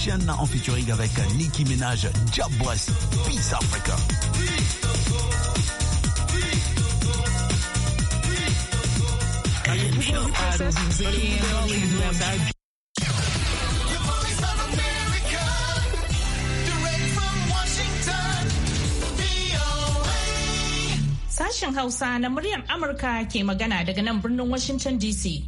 Chana en featuring avec Nicki Ménage, Job West, Peace Africa. Sashen Hausa na muryar Amurka ke magana daga nan birnin Washington DC.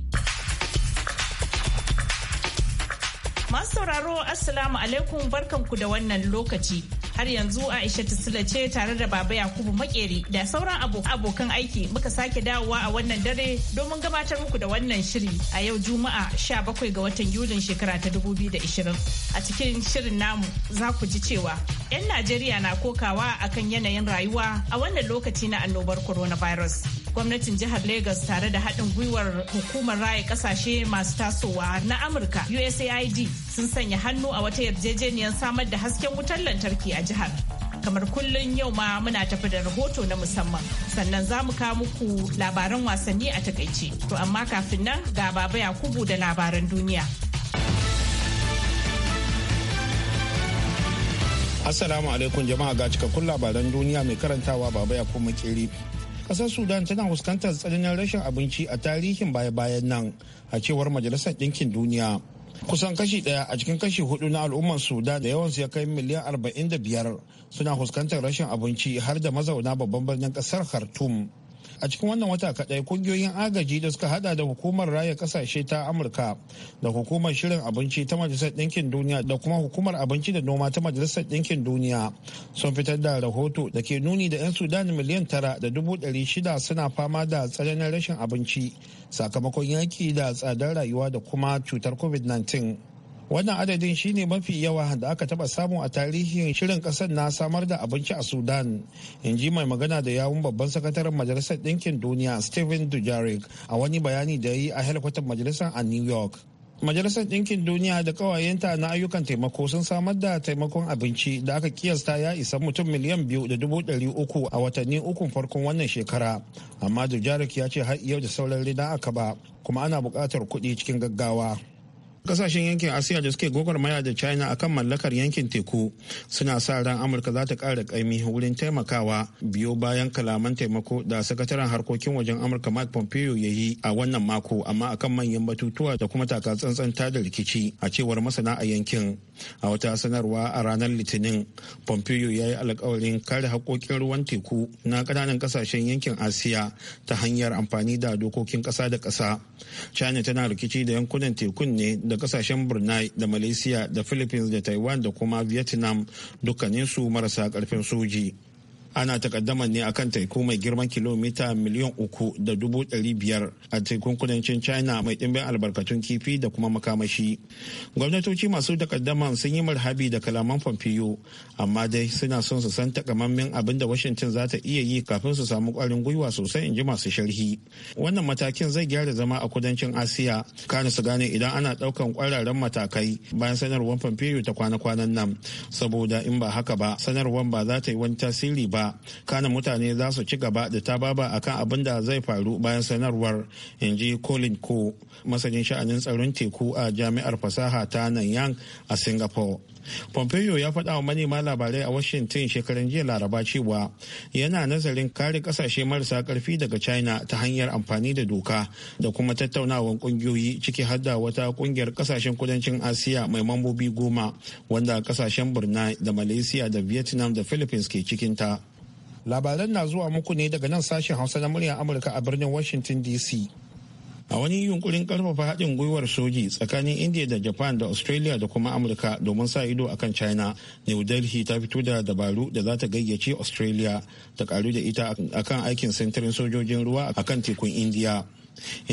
Masu sauraro Assalamu alaikum barkanku da wannan lokaci. Har yanzu Aisha Tisila ce tare da Baba Yakubu Makeri da sauran abokan aiki muka sake dawowa a wannan dare domin gabatar muku da wannan shiri a yau Juma'a 17 ga watan Yulin shekara ta 2020. A cikin shirin namu za ku ji cewa 'yan Najeriya na kokawa akan yanayin rayuwa a wannan lokaci na annobar coronavirus. gwamnatin jihar Lagos tare da haɗin gwiwar hukumar raya ƙasashe masu tasowa na Amurka USAID sun sanya hannu a wata yarjejeniyar samar da hasken wutar lantarki a jihar. kamar kullum yau ma muna tafi da rahoto na musamman sannan za mu kawo muku labaran wasanni a takaice to amma kafin nan ga baba yakubu da labaran duniya assalamu alaikum jama'a ga cikakkun labaran duniya mai karantawa baba yakubu makeri kasar sudan tana fuskantar tsananin rashin abinci a tarihin baya-bayan nan a cewar majalisar ɗinkin duniya kusan kashi ɗaya a cikin kashi hudu na al'ummar sudan da yawansu ya kai miliyan arba'in da biyar suna fuskantar rashin abinci har da mazauna babban birnin ƙasar khartoum a cikin wannan wata kadai kungiyoyin agaji da suka hada da hukumar raya kasashe ta amurka da hukumar shirin abinci ta majalisar ɗinkin duniya da kuma hukumar abinci da noma ta majalisar ɗinkin duniya sun fitar da rahoto da ke nuni da 'yan sudan miliyan tara da dubu ɗari shida suna fama da tsananin rashin abinci sakamakon yaki da tsadar rayuwa da kuma cutar covid-19 wannan adadin shine mafi yawa da aka taba samu a tarihin shirin kasar na samar da abinci a sudan in ji mai magana da yawun babban sakataren majalisar ɗinkin duniya stephen dujarric a wani bayani da yi a helikwatar majalisar a new york majalisar dinkin duniya da ƙawayenta na ayyukan taimako sun samar da taimakon abinci da aka kiyasta ya isa mutum miliyan biyu da dubu ɗari uku a watanni ukun farkon wannan shekara amma dujarric ya ce har yau da sauran rina aka ba kuma ana buƙatar kuɗi cikin gaggawa kasashen yankin asiya da suke maya da china akan mallakar yankin teku suna sa ran amurka za ta kara kaimi wurin taimakawa biyo bayan kalaman taimako da sakataren harkokin wajen amurka mike pompeo ya yi a wannan mako amma akan manyan batutuwa da kuma taka tsantsan da rikici a cewar masana a yankin a wata sanarwa a ranar litinin pompeo ya yi alkawarin kare haƙoƙin ruwan teku na ƙananan kasashen yankin asiya ta hanyar amfani da dokokin ƙasa da ƙasa china tana rikici da yankunan tekun ne da kasashen Brunei da Malaysia da Philippines da Taiwan da kuma Vietnam dukkaninsu marasa karfin soji. ana takaddama ne akan teku mai girman kilomita miliyan uku da dubu ɗari biyar a tekun kudancin china mai ɗimbin albarkatun kifi da kuma makamashi gwamnatoci masu takaddama sun yi marhabi da kalaman pompeo amma dai suna son su san takamammen abin da washington za ta iya yi kafin su samu ƙwarin gwiwa sosai in ji masu sharhi wannan matakin zai gyara zama a kudancin asiya kana su gane idan ana ɗaukan ƙwararren matakai bayan sanarwar pompeo ta kwana-kwanan nan saboda in ba haka ba sanarwar ba za ta yi wani tasiri ba ba kana mutane za su ci gaba da ta baba kan abin da zai faru bayan sanarwar in ji colin ko masanin sha'anin tsaron teku a jami'ar fasaha ta nanyang a singapore pompeo ya faɗa wa manema labarai a washington shekaran jiya laraba cewa yana nazarin kare ƙasashe marasa ƙarfi daga china ta hanyar amfani da doka da kuma tattaunawar ƙungiyoyi ciki har da wata ƙungiyar ƙasashen kudancin asiya mai mambobi goma wanda ƙasashen brunei da malaysia da vietnam da philippines ke cikinta labaran na zuwa muku ne daga nan sashen hausa na muryar amurka a birnin washington dc a wani yunkurin karfafa haɗin gwiwar soji tsakanin india da japan da australia da kuma amurka domin sa ido akan china new delhi ta fito da dabaru da za ta gayyace australia ta karu da ita akan aikin sintirin sojojin ruwa akan tekun india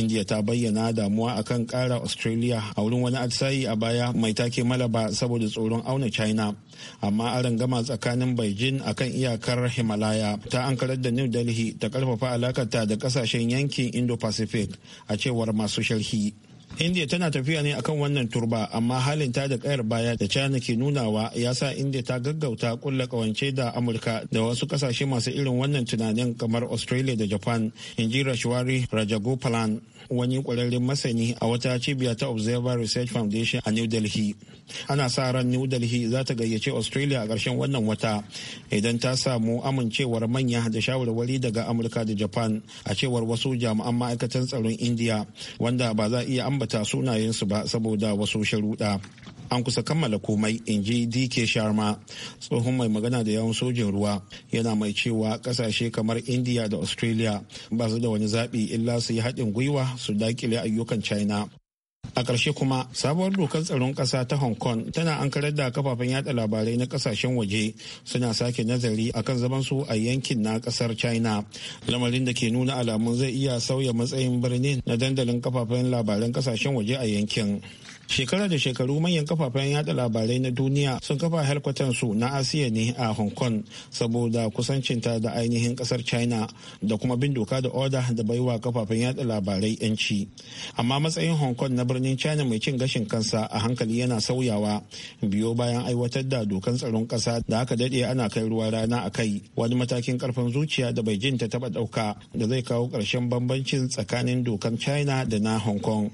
india ta bayyana damuwa akan kara australia a wurin wani atisayi a baya mai take malaba saboda tsoron auna china amma a gama tsakanin beijing akan iyakar himalaya ta ankarar da new delhi ta karfafa alakarta da kasashen yankin indo-pacific a cewar masu sharhi india tana tafiya ne akan wannan turba amma halin ta da kayar baya da china ke nunawa ya sa india ta gaggauta kulla kawance da amurka da wasu kasashe masu irin wannan tunanin kamar australia da japan in ji rashwari rajagopalan wani kwararren masani a wata cibiya ta observer research foundation a new delhi ana sa ran new delhi za ta gayyace australia a ƙarshen wannan wata idan ta samu amincewar manya da shawarwari daga amurka da japan a cewar wasu jami'an ma'aikatan tsaron india wanda ba za iya ambata sunayensu ba saboda wasu sharuɗa an kusa kammala komai in ji dk sharma tsohon mai magana da yawan sojin ruwa yana mai cewa kasashe kamar india da australia ba su da wani zaɓi illa su yi haɗin gwiwa su dakile ayyukan china A ƙarshe kuma sabuwar dokar tsaron ƙasa ta Hong Kong tana ankarar da kafafen yada labarai na ƙasashen waje suna sake nazari akan zaman su a yankin na ƙasar China. Lamarin da ke nuna alamun zai iya sauya matsayin birnin na dandalin kafafen labaran ƙasashen waje a yankin. shekara da shekaru manyan kafafen yada labarai na duniya sun kafa halkwatan su na asiya ne a hong kong saboda kusancinta da ainihin kasar china da kuma bin doka da oda da baiwa kafafen yada labarai yanci amma matsayin hong kong na birnin china mai cin gashin kansa a hankali yana sauyawa biyo bayan aiwatar da dokan tsaron kasa da aka dade ana kai ruwa rana a kai wani matakin karfin zuciya da beijing ta taba dauka da zai kawo karshen bambancin tsakanin dokan china da na hong kong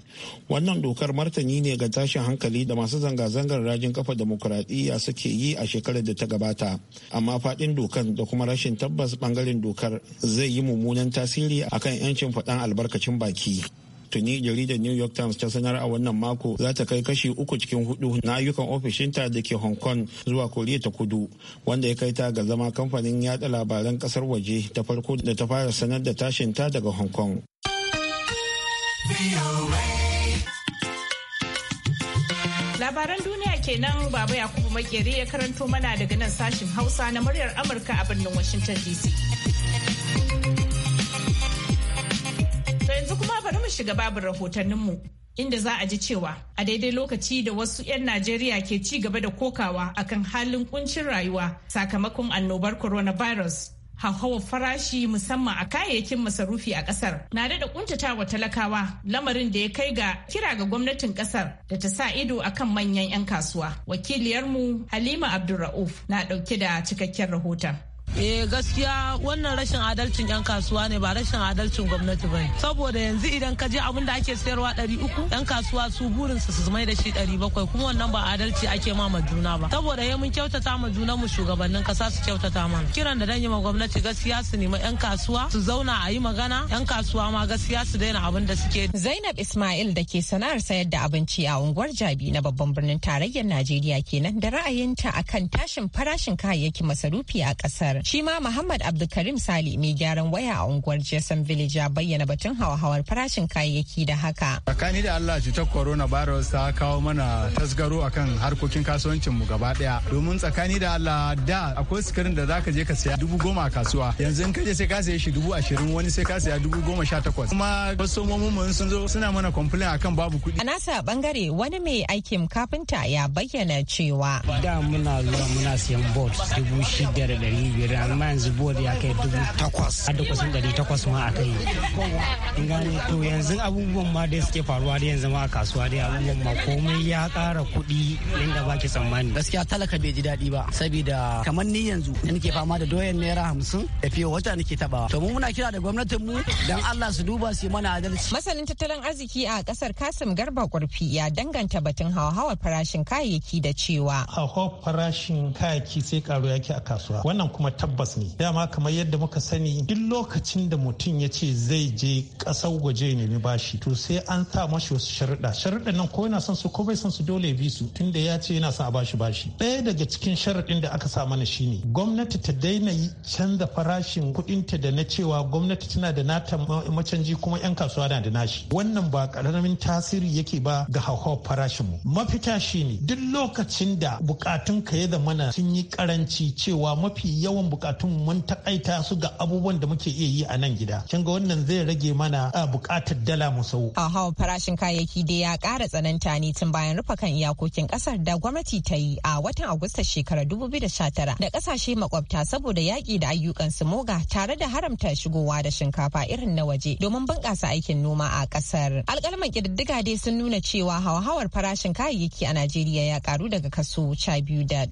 wannan dokar martani ne ga da tashin hankali da masu zanga-zangar rajin kafa demokuraɗiyya suke yi a shekarar da ta gabata amma faɗin dokar da kuma rashin tabbas ɓangaren dokar zai yi mummunan tasiri akan 'yancin faɗan albarkacin baki tuni jaridar new york times ta sanar a wannan mako za ta kai kashi uku cikin hudu na ayyukan ofishinta da ke hong kong zuwa koriya ta kudu wanda ya kai ta ga zama kamfanin yada labaran kasar waje ta farko da ta fara sanar da tashin ta daga hong kong Labaran duniya kenan Baba Yakubu Makeri ya karanto mana daga nan sashin Hausa na muryar Amurka a birnin Washington DC. To yanzu kuma bari mu shiga babin rahotanninmu. Inda za a ji cewa a daidai lokaci da wasu 'yan Najeriya ke ci gaba da kokawa akan halin kuncin rayuwa sakamakon annobar coronavirus hauhawar farashi musamman a kayayyakin masarufi a kasar na daɗa kuntata wa talakawa lamarin da ya kai ga kira ga gwamnatin kasar da ta sa ido a kan manyan 'yan kasuwa wakiliyarmu halima abdulra'uf na ɗauke da cikakken rahoton eh gaskiya wannan rashin adalcin yan kasuwa ne ba rashin adalcin gwamnati ba saboda yanzu idan ka je abin da ake sayarwa ɗari uku yan kasuwa su burin su mai da shi ɗari bakwai kuma wannan ba adalci ake ma ma juna ba saboda ya mun kyautata ma juna mu shugabannin kasa su kyautata mana kiran da dan yi ma gwamnati gaskiya su nemi yan kasuwa su zauna a yi magana yan kasuwa ma gaskiya su daina abin da suke Zainab Ismail da ke sana'ar sayar da abinci a unguwar Jabi na babban birnin tarayyar Najeriya kenan da ra'ayinta akan tashin farashin kayayyakin masarufi a ƙasar. Shi ma Muhammad Abdulkarim Sali mai gyaran waya a unguwar Jason Village ya bayyana batun hauhawar farashin kayayyaki da haka. Tsakani da Allah cutar coronavirus ta kawo mana tasgaro akan harkokin kasuwancinmu gaba daya. Domin tsakani da Allah da akwai sikirin da zaka je ka saya dubu goma a kasuwa. Yanzu in kaje sai ka saya shi dubu ashirin wani sai ka saya dubu goma sha takwas. Kuma kwastomomin mu sun zo suna mana complain akan babu kuɗi. A nasa bangare wani mai aikin kafinta ya bayyana cewa. Da muna zuwa muna siyan board dubu shida da ɗari biyar bori amma yanzu ya kai dubu takwas a da kusan ɗari takwas ma a kai in to yanzu abubuwan ma dai suke faruwa da yanzu ma a kasuwa dai abubuwan ma komai ya kara kuɗi inda ba ki tsammani gaskiya talaka bai ji daɗi ba saboda kamar ni yanzu da nake fama da doyan naira hamsin da fiye wata nake taɓa. to mu muna kira da gwamnatin mu dan Allah su duba su mana adalci masanin tattalin arziki a kasar Kasim Garba Gurfi ya danganta batun hawa-hawa farashin kayayyaki da cewa hawa farashin kayayyaki sai karo yake a kasuwa wannan kuma tabbas ne dama kamar yadda muka sani duk lokacin da mutum ya ce zai je ƙasar waje nemi bashi to sai an sa mashi wasu sharuɗa sharuɗan nan ko yana son su ko bai son su dole bi su tunda ya ce yana son a bashi bashi ɗaya daga cikin sharaɗin da aka sa mana shine gwamnati ta daina canza farashin kuɗinta da na cewa gwamnati tana da nata macanji kuma 'yan kasuwa na da nashi wannan ba ƙaramin tasiri yake ba ga hauhawar farashin mu mafita shine duk lokacin da bukatun ka ya zamana sun yi karanci cewa mafi yawan bukatun mun takaita su ga abubuwan da muke iya yi a nan gida kin ga wannan zai rage mana bukatar dala mu sau a farashin kayayyaki da ya kara tsananta ne tun bayan rufe kan iyakokin kasar da gwamnati ta yi a watan agusta shekarar 2019 da kasashe makwabta saboda yaki da ayyukan su moga tare da haramta shigowa da shinkafa irin na waje domin bunƙasa aikin noma a kasar alƙalman kididdiga dai sun nuna cewa hauhawar farashin kayayyaki a najeriya ya karu daga kaso biyu da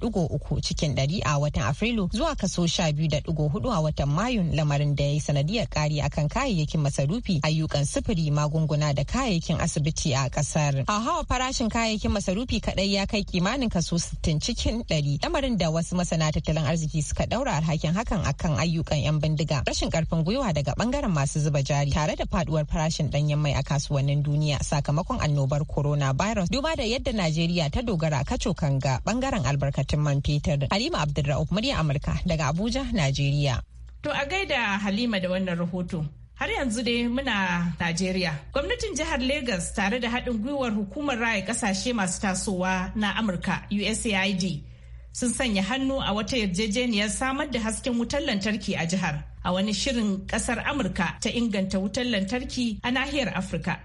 cikin ɗari a watan afrilu zuwa kaso kaso 12.4 a watan Mayun lamarin da ya yi sanadiyar kari akan kayayyakin masarufi ayyukan sufuri magunguna da kayayyakin asibiti a kasar. Hawa farashin kayayyakin masarufi kadai ya kai kimanin kaso 60 cikin 100 lamarin da wasu masana tattalin arziki suka daura alhakin hakan akan ayyukan 'yan bindiga rashin karfin gwiwa daga bangaren masu zuba jari tare da faduwar farashin danyen mai a kasuwannin duniya sakamakon annobar corona virus. duba da yadda Najeriya ta dogara kacokan ga bangaren albarkatun man fetur. Halima Abdulrauf murya Amurka daga Abuja, Najeriya. To a gaida Halima da wannan rahoto. Har yanzu dai muna Najeriya. Gwamnatin jihar Legas tare da haɗin gwiwar hukumar raya ƙasashe masu tasowa na Amurka USAID sun sanya hannu a wata yarjejeniyar samar da hasken wutar lantarki a jihar a wani shirin ƙasar Amurka ta inganta wutar lantarki a nahiyar Afirka.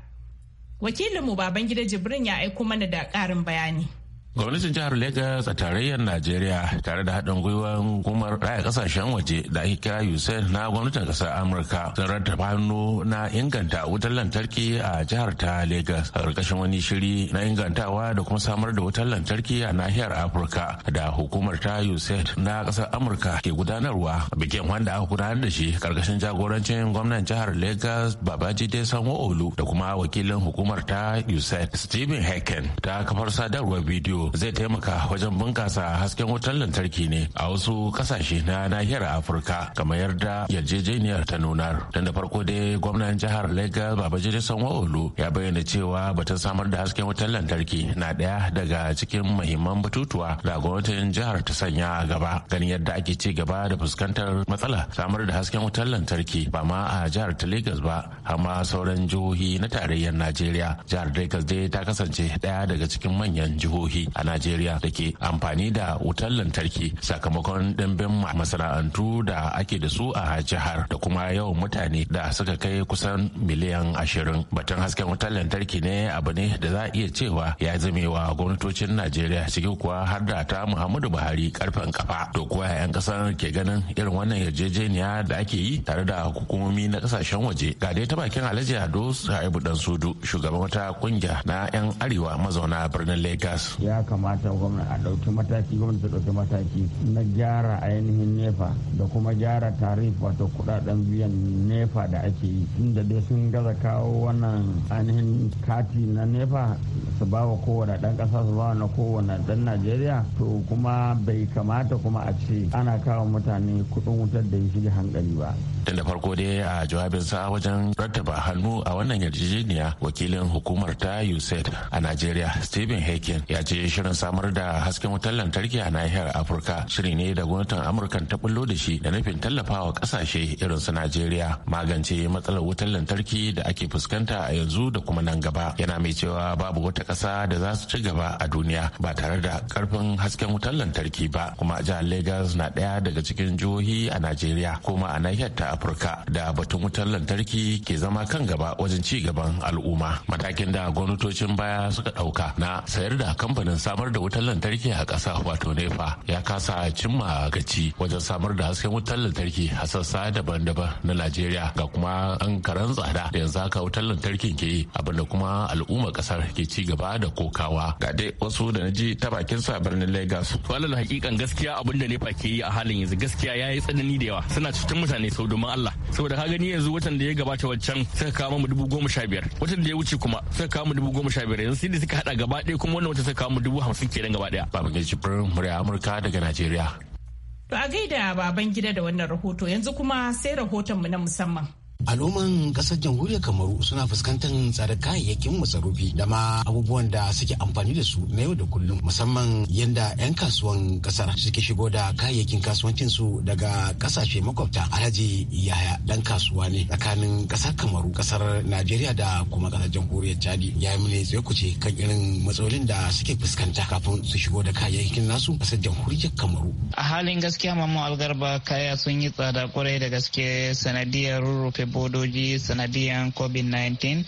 Wakilinmu Babangida Jibrin ya aiko mana da ƙarin bayani. gwamnatin jihar lagos a tarayyar najeriya tare da haɗin gwiwar hukumar raya ƙasashen waje da ake kira usaid na gwamnatin ƙasar amurka sun rattaba hannu na inganta wutar lantarki a jihar ta lagos a ƙarƙashin wani shiri na ingantawa da kuma samar da wutar lantarki a nahiyar afirka da hukumar ta usaid na ƙasar amurka ke gudanarwa bikin wanda aka gudanar da shi ƙarƙashin jagorancin gwamnan jihar lagos babajide sanwo-olu da kuma wakilin hukumar ta usaid stephen haken ta kafar sadarwar bidiyo zai taimaka wajen bunkasa hasken wutar lantarki ne a wasu kasashe na nahiyar afirka kamar yarda yarjejeniyar ta nunar tun da farko dai gwamnan jihar lagos Baba sanwo-olu ya bayyana cewa batun samar da hasken wutar lantarki na ɗaya daga cikin mahimman batutuwa da gwamnatin jihar ta sanya a gaba ganin yadda ake ci gaba da fuskantar matsala samar da hasken wutar lantarki ba ma a jihar ta lagos ba amma sauran jihohi na tarayyar najeriya jihar lagos dai ta kasance ɗaya daga cikin manyan jihohi a najeriya da ke amfani da wutar lantarki sakamakon ɗimbin masana'antu da ake da su a jihar da kuma yawan mutane da suka kai kusan miliyan ashirin batun hasken wutar lantarki ne abu ne da za a iya cewa ya zamewa gwamnatocin najeriya ciki kuwa har da ta muhammadu buhari karfen kafa to kuwa 'yan kasar ke ganin irin wannan yarjejeniya da ake yi tare da hukumomi na ƙasashen waje ga dai ta bakin alhaji ado sa'ibu dan sudu shugaban wata kungiya na 'yan arewa mazauna birnin lagos ya ya kamata gwamnati a ɗauki mataki gwamnati ta ɗauki mataki na gyara ainihin nefa da kuma gyara tarif wato kuɗaɗen biyan nefa da ake yi inda dai sun gaza kawo wannan ainihin kati na nefa su ba kowane dan kasa su ba na kowane ɗan najeriya to kuma bai kamata kuma a ce ana kawo mutane kuɗin wutar da ya shiga hankali ba tun da farko dai a jawabinsa wajen rattaba hannu a wannan yarjejeniya wakilin hukumar ta usaid a najeriya stephen Hakin ya ce shirin samar da hasken wutar lantarki a nahiyar afirka shiri ne da gwamnatin amurka ta bullo da shi da nufin tallafawa kasashe irin su najeriya magance matsalar wutar lantarki da ake fuskanta a yanzu da kuma nan gaba yana mai cewa babu wata ƙasa da za su ci gaba a duniya ba tare da karfin hasken wutar lantarki ba kuma jihar Legas na ɗaya daga cikin jihohi a najeriya kuma a nahiyar ta afirka da batun wutar lantarki ke zama kan gaba wajen ci gaban al'umma matakin da gwamnatocin baya suka ɗauka na sayar da kamfanin samar da wutar lantarki a ƙasa wato nefa ya kasa cimma gaci wajen samar da hasken wutar lantarki a sassa daban-daban na najeriya ga kuma an karan tsada da yanzu haka wutar lantarkin ke yi abinda kuma al'ummar ƙasar ke ci gaba da kokawa ga dai wasu da na ji ta bakin su a birnin lagos to alal hakikan gaskiya da nefa ke yi a halin yanzu gaskiya ya yi tsanani da yawa suna cikin mutane sau domin allah saboda ka gani yanzu watan da ya gabata waccan suka kawo mu dubu goma sha biyar watan da ya wuce kuma suka kawo mu dubu goma sha biyar yanzu sai da suka hada gaba ɗaya kuma wannan wata suka kawo mu dubu hamsin kenan gaba daya baban jibrin murya amurka daga najeriya to a gaida baban gida da wannan rahoto yanzu kuma sai rahoton mu na musamman Al'umman kasar jamhuriyar Kamaru suna fuskantar tsada kayayyakin masarufi da ma abubuwan da suke amfani da su na yau da kullum musamman yadda 'yan kasuwan kasar suke shigo da kayayyakin kasuwancinsu daga kasashe makwabta Alhaji yaya dan kasuwa ne tsakanin kasar Kamaru kasar Najeriya da kuma kasar jamhuriyar Chadi ya yi mune tsaye kuce kan irin matsalolin da suke fuskanta kafin su shigo da kayayyakin nasu kasar jamhuriyar Kamaru. A halin gaskiya Mamman Algarba kaya sun yi tsada kwarai da gaske sanadiyar rurrufe bodoji sanadiyan covid-19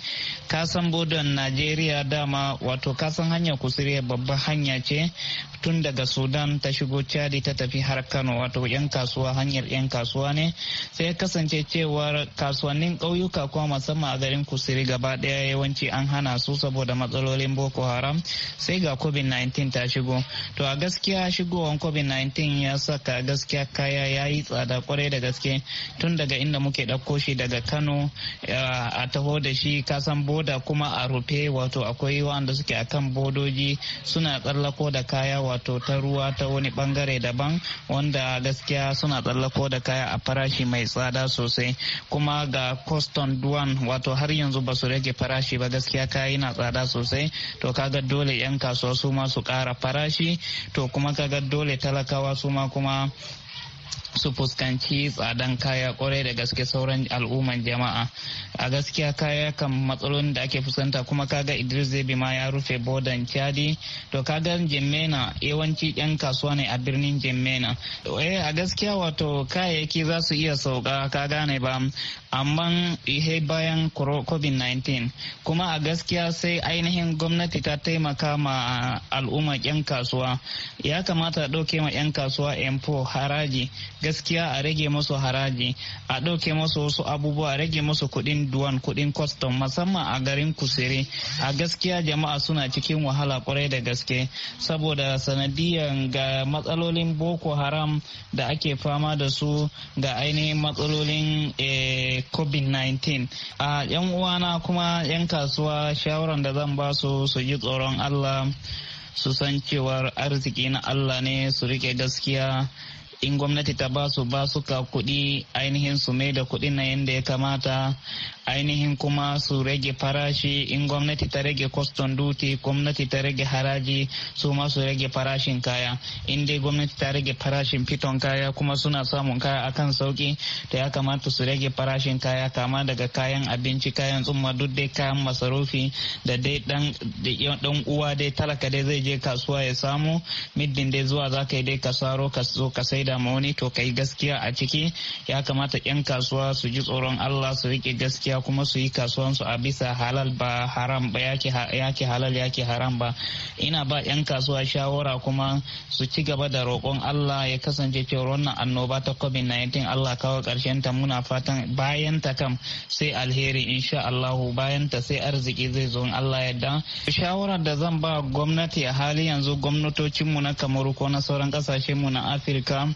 kasan bodon najeriya dama wato kasan hanya kusuri babbar hanya ce tun daga sudan ta shigo chadi ta tafi har kano wato yan kasuwa hanyar yan kasuwa ne sai kasance cewar kasuwannin kauyuka kuma musamman a garin kusuri gaba daya yawanci an hana su saboda matsalolin boko haram sai ga covid-19 ta shigo to a gaskiya shigowan covid-19 ya saka gaskiya kaya ya yi tsada kwarai da gaske tun daga inda muke ɗauko shi da. daga kano a taho da shi kasan boda kuma a rufe wato akwai wanda suke a kan bodoji suna tsallako da kaya wato ta ruwa ta wani bangare daban wanda gaskiya suna tsallako da kaya a farashi mai tsada sosai kuma ga coston duwan wato har yanzu ba su rage farashi ba gaskiya kayi na tsada sosai to kaga dole 'yan kasuwa su ma su kara farashi to kuma kaga dole talakawa su ma kuma su fuskanci tsadan kaya kwarai da gaske sauran al'umman jama'a a gaskiya kaya kan matsalolin da ake fuskanta kuma kaga idris zebi ma ya rufe bodan chadi to kaga jimena yawanci yan kasuwa ne a birnin jimena eh a gaskiya wato kayayyaki za su iya sauka ka gane ba amma ihe bayan covid-19 kuma a gaskiya sai ainihin gwamnati ta taimaka ma al'umma yan kasuwa ya kamata ɗauke ma yan kasuwa empo haraji gaskiya a rage masu haraji a ɗauke musu wasu abubuwa a rage masu kuɗin duwan kuɗin kwastam musamman a garin kusere a gaskiya jama'a suna cikin wahala kwarai da gaske saboda sanadiyan ga matsalolin boko haram da ake fama da su ga ainihin matsalolin eh, covid-19 a yan uwana kuma yan kasuwa shawaran da zan ba su su ji tsoron allah su san cewar arziki na allah ne su rike gaskiya in gwamnati ta basu su ba suka kuɗi ainihin su mai da kuɗin na yadda ya kamata ainihin kuma su rage farashi in gwamnati ta rage custom duty gwamnati ta rage haraji su ma su rage farashin kaya in dai gwamnati ta rage farashin fiton kaya kuma suna samun kaya akan sauki to ya kamata su rage farashin kaya kama daga kayan abinci kayan tsumma duk dai kayan masarufi da dai dan uwa dai talaka dai zai je kasuwa ya samu middin dai zuwa za ka yi dai ka saro ka zo ka saida ma wani to ka yi gaskiya a ciki ya kamata 'yan kasuwa su ji tsoron Allah su rike gaskiya kuma su yi kasuwansu a bisa halal ba haram ba yake halal yake haram ba ina ba 'yan kasuwa shawara kuma su ci gaba da roƙon Allah ya kasance cewar wannan annoba ta covid-19 Allah kawo ƙarshen ta muna fatan bayan ta kam sai alheri insha Allahu bayan ta sai arziki zai zo Allah yadda shawarar da zan ba gwamnati a hali yanzu gwamnatocinmu na kamaru ko na sauran mu na afirka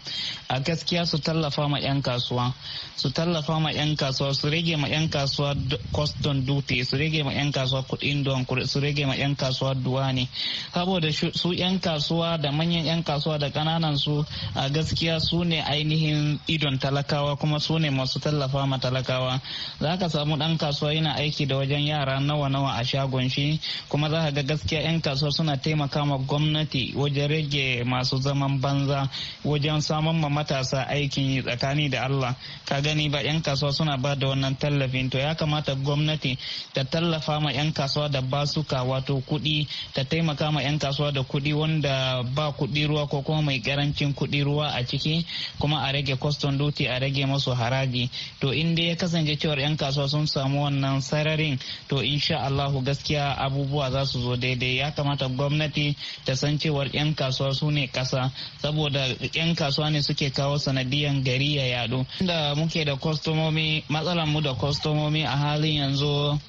a gaskiya su tallafa ma 'yan kasuwa su tallafa ma 'yan kasuwa su rage ma 'yan kasuwa kasuwa custom duty su rage ma 'yan kasuwa kudin don su rage ma 'yan kasuwa duwa ne saboda su 'yan kasuwa da manyan 'yan kasuwa da kananan su a gaskiya su ne ainihin idon talakawa kuma su ne masu tallafa ma talakawa za ka samu dan kasuwa yana aiki da wajen yara nawa nawa a shagon shi kuma za ka ga gaskiya 'yan kasuwa suna taimaka ma gwamnati wajen rage masu zaman banza wajen samun ma matasa aikin yi tsakani da Allah ka gani ba 'yan kasuwa suna ba da wannan tallafin to ya kamata gwamnati ta tallafa ma 'yan kasuwa da basuka wato kuɗi ta taimaka ma 'yan kasuwa da kuɗi wanda ba kuɗi ruwa ko kuma mai karancin kuɗi ruwa a ciki kuma a rage custom duty a rage masu haraji to in dai ya kasance cewar 'yan kasuwa sun samu wannan sararin to insha Allahu gaskiya abubuwa za su zo daidai ya kamata gwamnati ta san cewar 'yan kasuwa su ne kasa saboda 'yan kasuwa ne suke kawo sanadiyan gari ya yadu inda muke da kwastomomi matsalar mu da kwastomomi kwastomomi a halin yanzu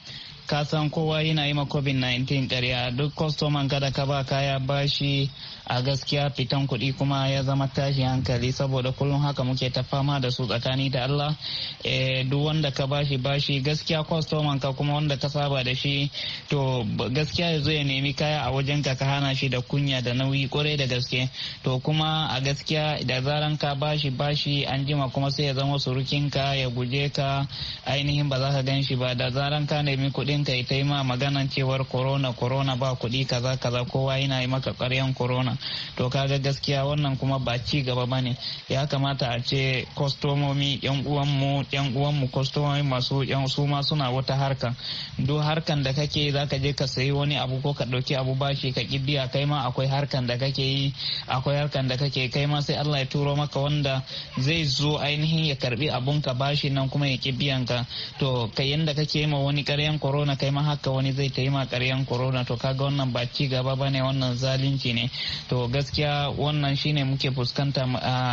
ka san kowa yana yi ma covid-19 karya duk kwastoman kada ka ba kaya bashi a gaskiya fitan kuɗi kuma ya zama tashi hankali saboda kullum haka muke ta fama da su tsakani da Allah eh, duk wanda ka bashi bashi gaskiya kwastoman ka kuma wanda ka saba da shi to gaskiya ya zo ya nemi kaya a wajen ka ka hana shi da kunya da nauyi kwarai da gaske to kuma a gaskiya da zaran ka bashi bashi an jima kuma sai ya zama surukin ka ya guje ka ainihin ba za ka gan shi ba da zaran ka nemi kuɗin ka ya ma maganan cewar korona korona ba kuɗi kaza kaza kowa yana yi maka ƙaryan korona. to kaga gaskiya wannan kuma ba ci gaba ba ne ya kamata a ce kwastomomi yan uwanmu yan uwanmu kwastomomi masu yan su ma suna wata harkan duk harkan da kake za ka je ka sayi wani abu ko ka dauki abu bashi ka kibiya kai ma akwai harkan da kake yi akwai harkan da kake kai ma sai Allah ya turo maka wanda zai zo ainihin ya karbi abun ka bashi nan kuma ya kibiyan ka to kai yanda kake ma wani karyan corona kai ma haka wani zai ta yi ma karyan corona to kaga wannan ba ci gaba bane wannan zalunci ne to gaskiya wannan shine muke fuskanta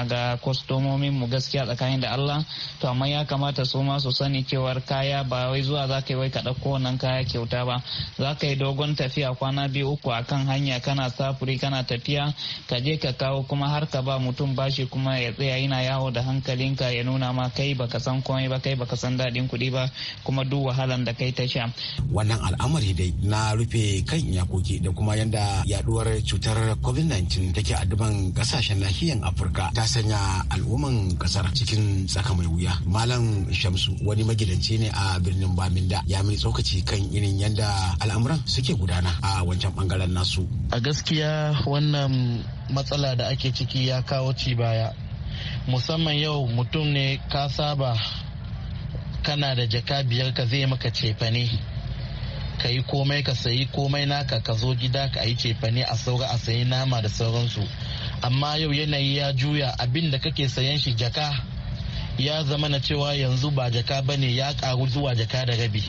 ga kwastomomin mu gaskiya tsakanin da Allah to amma ya kamata su ma su sani cewar kaya ba wai zuwa za ka yi wai ka ɗauko wannan kaya kyauta ba za ka yi dogon tafiya kwana biyu uku akan hanya kana safuri kana tafiya ka je ka kawo kuma har ka ba mutum bashi kuma ya tsaya yana yawo da hankalinka ya nuna ma kai baka san komai ba kai baka san daɗin kuɗi ba kuma duk wahalan da kai ta sha. wannan al'amari dai na rufe kan iyakoki da kuma yanda yaduwar cutar covid covid-19 da ke addaban kasashen nahiyan afirka ta sanya al'umman kasar cikin tsaka mai wuya malam shamsu wani magidanci ne a birnin baminda ya mai tsokaci kan irin yadda al'amuran suke gudana a wancan bangaren nasu a gaskiya wannan matsala da ake ciki ya kawo ci baya musamman yau mutum ne ka saba kana da jaka biyar ka zai maka cefane ka yi komai ka sayi komai naka ka zo gida ka yi cefane a saura a sayi nama da sauransu amma yau yanayi ya juya abin da kake sayan shi jaka ya zama na cewa yanzu ba jaka bane ya karu zuwa jaka da rabi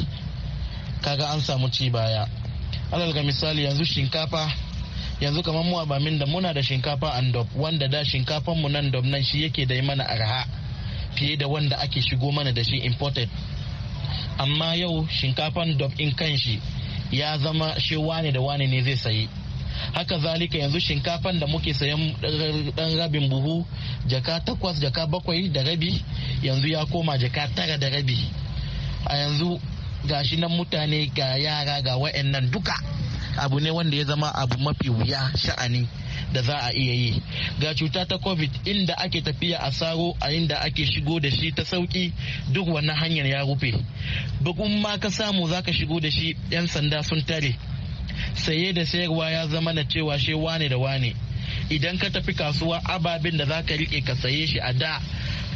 kaga an samu ci baya alal ga misali yanzu shinkafa yanzu kamar mu abamin da muna da shinkafa dob wanda da shinkafan mu nan dob nan shi yake da mana arha fiye da wanda ake shigo mana da shi imported amma yau shinkafan dob in kanshi ya zama shi wane da wane ne zai sayi haka zalika yanzu shinkafan da muke sayan dan rabin buhu jaka takwas jaka bakwai da rabi yanzu ya koma jaka tara da rabi a yanzu gashi nan mutane ga yara ga wa'annan duka abu ne wanda ya zama abu mafi wuya sha'ani da za a iya yi ga cuta ta covid inda ake tafiya a saro a inda ake shigo da shi ta sauki duk wannan hanyar ya rufe bugun ma ka samu za ka shigo da shi 'yan sanda sun tare saye da sayarwa ya zama na cewa shi wane da wane idan ka tafi kasuwa ababen da za ka rike ka saye shi a da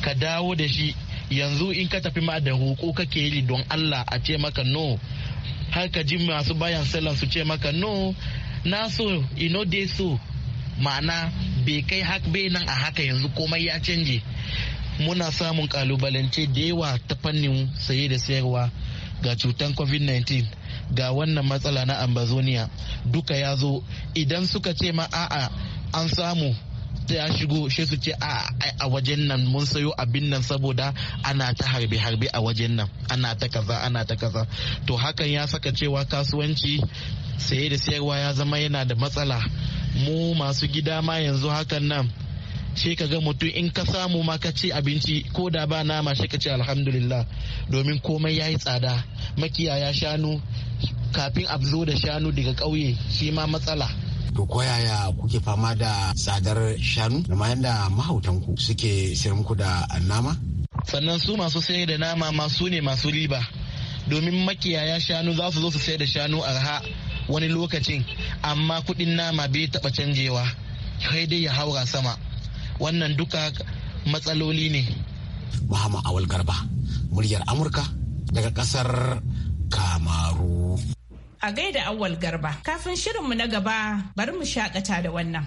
ka dawo da shi yanzu in ka tafi ma da roƙo kake yi don Allah a ce maka no har ka ji masu bayan sallan su ce maka no na so ino dai so ma'ana bai kai hak bai nan a haka yanzu komai ya canje muna samun kalubalance da yawa ta fannin saye da sayarwa ga cutar covid-19 ga wannan matsala na ambazonia duka ya zo idan suka ce ma a'a an samu ya shigo shi su ce a a wajen nan mun sayo abin nan saboda ana ta harbe harbe a wajen nan ana ta kaza ana ta kaza to hakan ya saka cewa kasuwanci saye da sayarwa ya zama yana da matsala mu masu gida ma yanzu hakan nan shi ka ga mutum in ka samu ma ka ci abinci ko da ba nama shi ka ce alhamdulillah domin komai ya yi tsada makiyaya shanu kafin a zo da shanu daga kauye shi ma matsala to ko yaya kuke fama da tsadar shanu da yadda mahautanku suke sayar ku da nama sannan su masu sayar da nama masu ne masu riba domin makiyaya shanu za su zo su sayar da shanu arha wani lokacin amma kudin nama bai taba canjewa sai dai ya haura sama wannan duka matsaloli ne Muhammad Awal Garba muryar Amurka daga kasar Kamaru A gaida awwal garba. Kafin shirinmu na gaba bari mu shakata da wannan.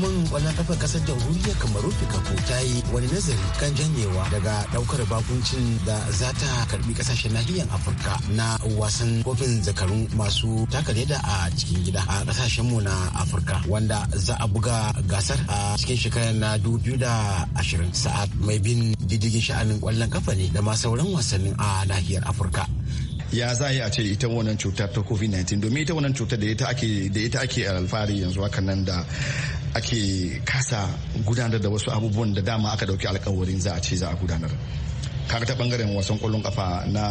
hukumar kwallon kafa kasar jamhuriyar kamaru fikafu ta yi wani nazari kan janyewa daga daukar bakuncin da za ta karbi kasashen nahiyar afirka na wasan kofin zakaru masu taka leda a cikin gida a kasashen mu na afirka wanda za a buga gasar a cikin shekarar na ashirin sa'ad mai bin diddigin sha'anin kwallon kafa ne da ma sauran wasannin a nahiyar afirka ya za a ce ita wannan cutar ta covid-19 domin ita wannan cutar da ita ake alfahari yanzu hakan nan da ake kasa gudanar da wasu abubuwan da dama aka dauki alkawarin za a ce za a gudanar kaga ta bangaren wasan kwallon kafa na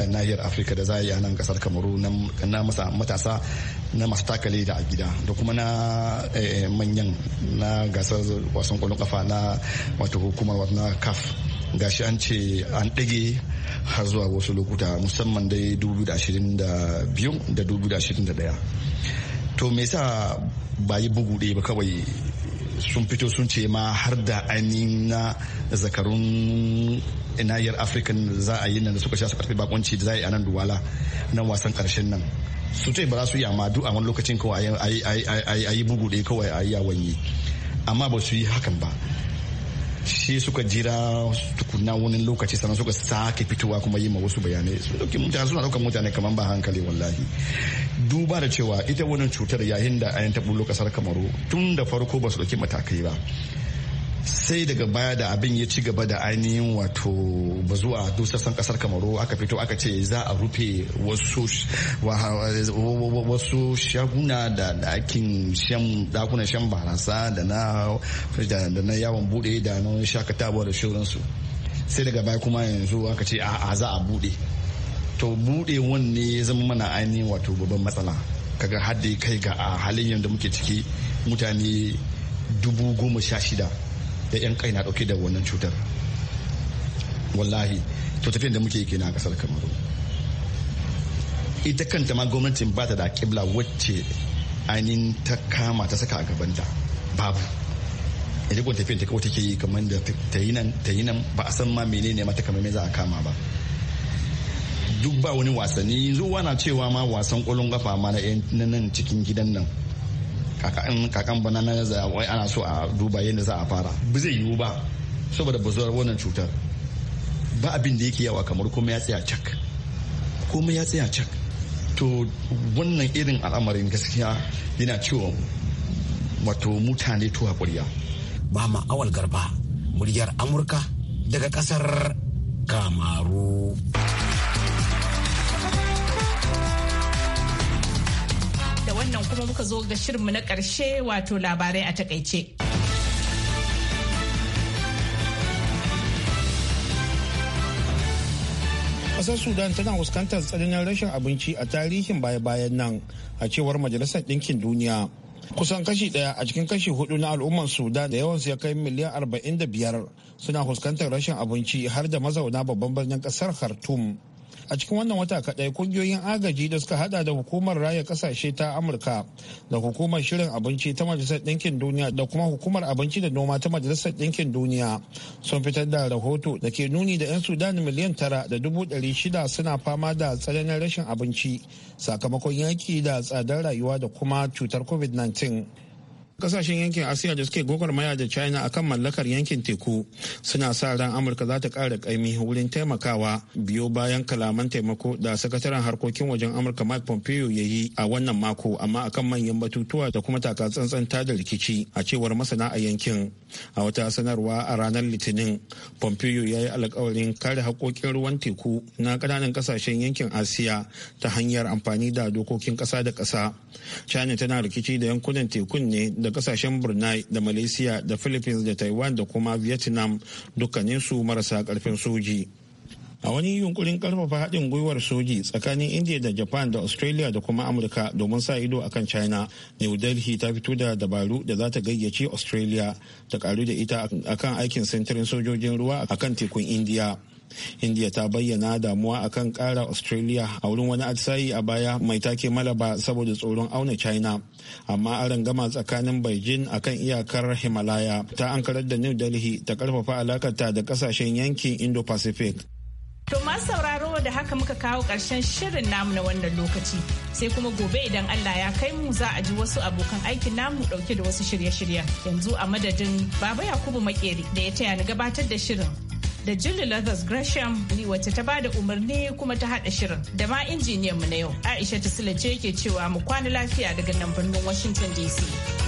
eh, nahiyar afirka da za a yi a nan kasar kamaru na matasa na masu takale da a gida da kuma na eh, manyan na gasar wasan kwallon kafa na wato hukumar na kaf gashi an ce an ɗage har zuwa wasu lokuta musamman dai 2022 da 2021 to me sa ba yi bugu ba kawai sun fito sun ce ma har da ainihin na zakarun inayar african za a yi nan da suka sha su karfi bakonci da za a yi a nan duwala nan wasan karshen nan su ce ba za su yi amma a wani lokacin kawai a yi bugu ɗaya kawai a yi yi amma ba su yi hakan ba shi suka jira tukuna wani lokaci sannan suka sake fitowa kuma yi ma wasu bayanai su dauki mutane suna daukan mutane kamar ba hankali wallahi duba da cewa ita wannan cutar yayin da an taɓo kasar kamaru tun da farko ba su dauki matakai ba sai daga baya da abin ya ci gaba da ainihin wato bazuwa dusassan kasar kamaru aka fito aka ce za a rufe wasu shaguna da dakin dakunan shan barasa da na yawon bude da na shakatawa da shauransu sai daga baya kuma yanzu aka ce a za a bude to bude wanne ya zama mana ainihin wato babban matsala kaga har da kai ga a halin yadda muke ciki mutane dubu goma sha shida da 'yan kai na dauke da wannan cutar wallahi to tafiyan da muke kenan a kasar kamaru ita kanta ma gwamnatin ba ta da kibla wacce ainihin ta kama ta saka a gabanta babu ita kuma tafiyan ta kawai take yi kamar da ta yi nan ta yi nan ba a san ma menene mata kamar me za a kama ba duk ba wani wasanni yanzu wana cewa ma wasan kwallon gafa ma na nan cikin gidan nan kakan bana na wai ana so a duba yadda za a fara ba zai yiwu ba saboda bazuwar wannan cutar ba abin da yake yawa kamar kuma ya tsaya cak kuma ya tsaya cak to wannan irin al'amarin gaskiya yana cewa wato mutane tuwa ƙwarya ba ma garba muryar amurka daga kasar kamaru. wannan kuma muka zo ga shirinmu na ƙarshe wato labarai a takaice. Ƙasar Sudan tana fuskantar tsananin rashin abinci a tarihin baya-bayan nan a cewar Majalisar Ɗinkin Duniya. Kusan kashi ɗaya a cikin kashi hudu na al'ummar Sudan da yawansu ya kai miliyan arba'in da biyar suna fuskantar rashin abinci har da mazauna babban birnin ƙasar Khartoum. a cikin wannan wata kadai kungiyoyin agaji da suka hada da hukumar raya kasashe ta amurka da hukumar shirin abinci ta majalisar ɗinkin duniya da kuma hukumar abinci da noma ta majalisar ɗinkin duniya sun fitar da rahoto da ke nuni da 'yan sudan miliyan tara da dubu ɗari shida suna fama da tsananin rashin abinci sakamakon yaki da tsadar rayuwa da kuma cutar covid-19 kasashen yankin asiya da suke maya da china akan mallakar yankin teku suna sa ran amurka za ta kara ƙaimi wurin taimakawa biyo bayan kalaman taimako da sakataren harkokin wajen amurka mike pompeo ya yi a wannan mako amma akan manyan batutuwa da kuma taka tsantsan da rikici a cewar masana a yankin a wata sanarwa a ranar litinin pompeo ya yi alkawarin kare haƙoƙin ruwan teku na ƙananan kasashen yankin asiya ta hanyar amfani da dokokin ƙasa da ƙasa china tana rikici da yankunan tekun ne da kasashen Brunei da Malaysia da Philippines da Taiwan da kuma Vietnam dukkaninsu marasa karfin soji. A wani yunkurin karfafa haɗin gwiwar soji tsakanin India da Japan da Australia da kuma Amurka domin sa ido akan China, New Delhi ta fito da dabaru da za ta gayyace Australia ta karu da ita akan aikin sintirin sojojin ruwa akan tekun India. india ta bayyana damuwa akan kara australia a wurin wani atisayi a baya mai take malaba saboda tsoron auna china amma aron gama tsakanin beijing akan iyakar himalaya ta ankarar da new delhi ta karfafa alakarta da kasashen yankin indo-pacific To masu sauraro da haka muka kawo ƙarshen shirin namu na wannan lokaci sai kuma gobe idan Allah ya kai mu za a ji wasu abokan aikin namu ɗauke da wasu shirye-shiryen yanzu a madadin Baba Yakubu Makeri da ya taya ni gabatar da shirin da Julie Lathers Gresham ni wacce ta bada umarni kuma ta hada shirin da ma injiniyan mu na yau Aisha ta ce ke cewa mu kwana lafiya daga nan birnin Washington DC.